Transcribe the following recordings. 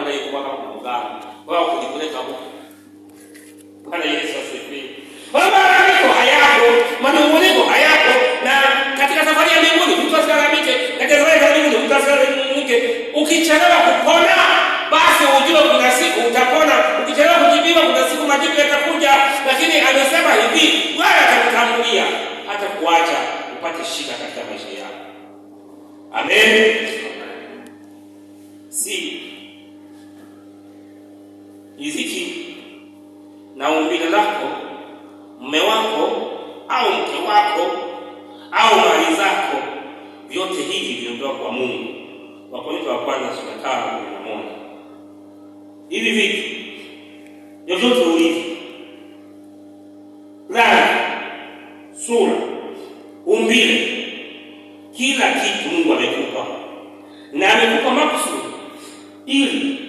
anaikuwa kama muungano wao kujipeleka huko. Bwana Yesu asifiwe. Baba yako hayako, manunguniko hayako, na katika safari ya mbinguni mtu asilalamike, katika safari ya mbinguni mtu asilalamike. Ukichelewa kupona, basi ujue kuna siku utapona. Ukichelewa kujibiwa, kuna siku majibu yatakuja, lakini amesema hivi, wala atakutangulia hata kuacha upate shida katika maisha yako. Amen. Si iziki na umbile lako, mume wako au mke wako au mali zako, vyote hivi viondoa kwa Mungu. Wakorintho wa kwanza sura ya na moja. Hivi vitu vyovyote ulivyo rangi, sura, umbile, kila kitu Mungu amekupa na amekupa makusudi ili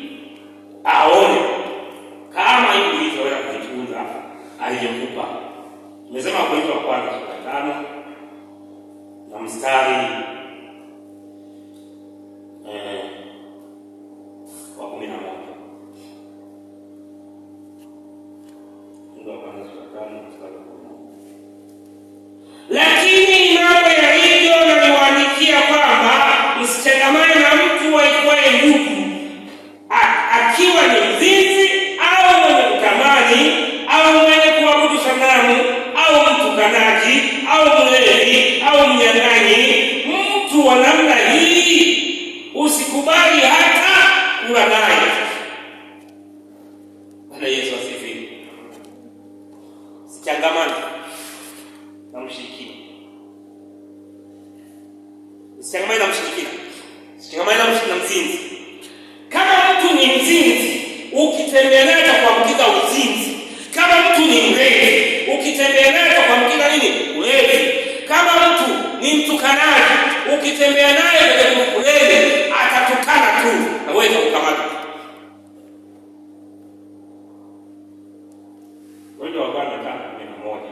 mstari eh, wa kumi na moja ya na naliwaandikia kwamba msichangamane na mtu aitwaye ndugu akiwa ni mzinzi au mwenye au mwenye kuabudu sanamu au mtukanaji au namna hii, usikubali hata kula naye. Bwana Yesu asifiwe. Sichangamane na mshirikina, sichangamane na mshirikina, sichangamane na mzinzi. Kama mtu ni mzinzi, kwa atakuambukiza uzinzi. Kama mtu ni mlevi, kwa atakuambukiza nini? Ulevi. Kama mtu ni mtukanaji ukitembea naye kajaribu kuleni, atatukana tu na wewe utakukamata. Wengi wa Bwana kama neno moja,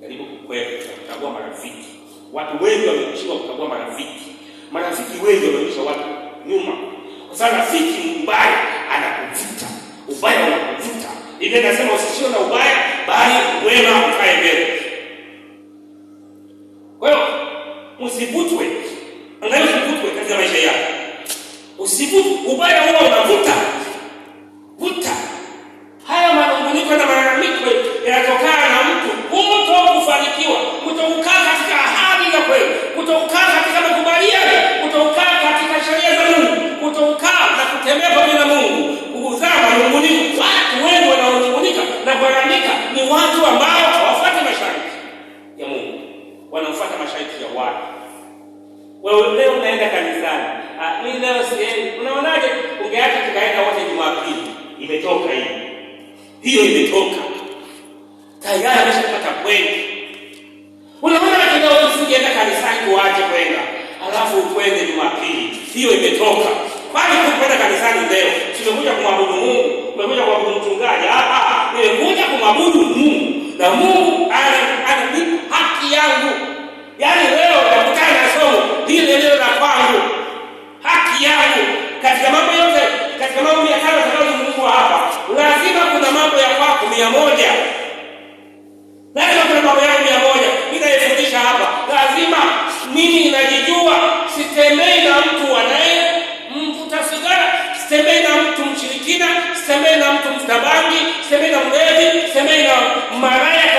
jaribu kukwenda kuchagua marafiki. Watu wengi wameishia kuchagua marafiki, marafiki wengi wameisha watu nyuma, kwa sababu rafiki mbaya anakuvuta, ubaya unakuvuta. Ile nasema usishie na ubaya, bali wema Usivute ubaya huo, unavuta vuta. Haya manunguniko na malalamiko yanatokana na mtu kuto kufanikiwa, kutokukaa katika ahadi za kweli, kutokukaa katika makubaliano, kutokukaa katika sheria za Mungu, kutoukaa na kutembea pamoja na Mungu, kuzaa manunguniko. Watu wengi wanaonungunika na kulalamika ni watu ambao hawafuati masharti ya Mungu, wanafuata masharti ya watu. Wewe leo unaenda kanisani Ah, mimi leo siendi. Eh, unaonaje? Ungeacha tukaenda wote Jumapili. Imetoka hiyo. Hiyo imetoka. Tayari ameshapata kwenda. Unaona kanisani kuache kwenda. Alafu ukwende Jumapili. Hiyo imetoka. Kwani tukwenda kanisani leo? Tumekuja kumwabudu Mungu. Tumekuja kumwabudu mchungaji. Ah ah, ah. kumwabudu Mungu. Na Mungu ana ana haki yangu. Yaani semei na mtu mstabangi, semei na mlevi, semei na maraya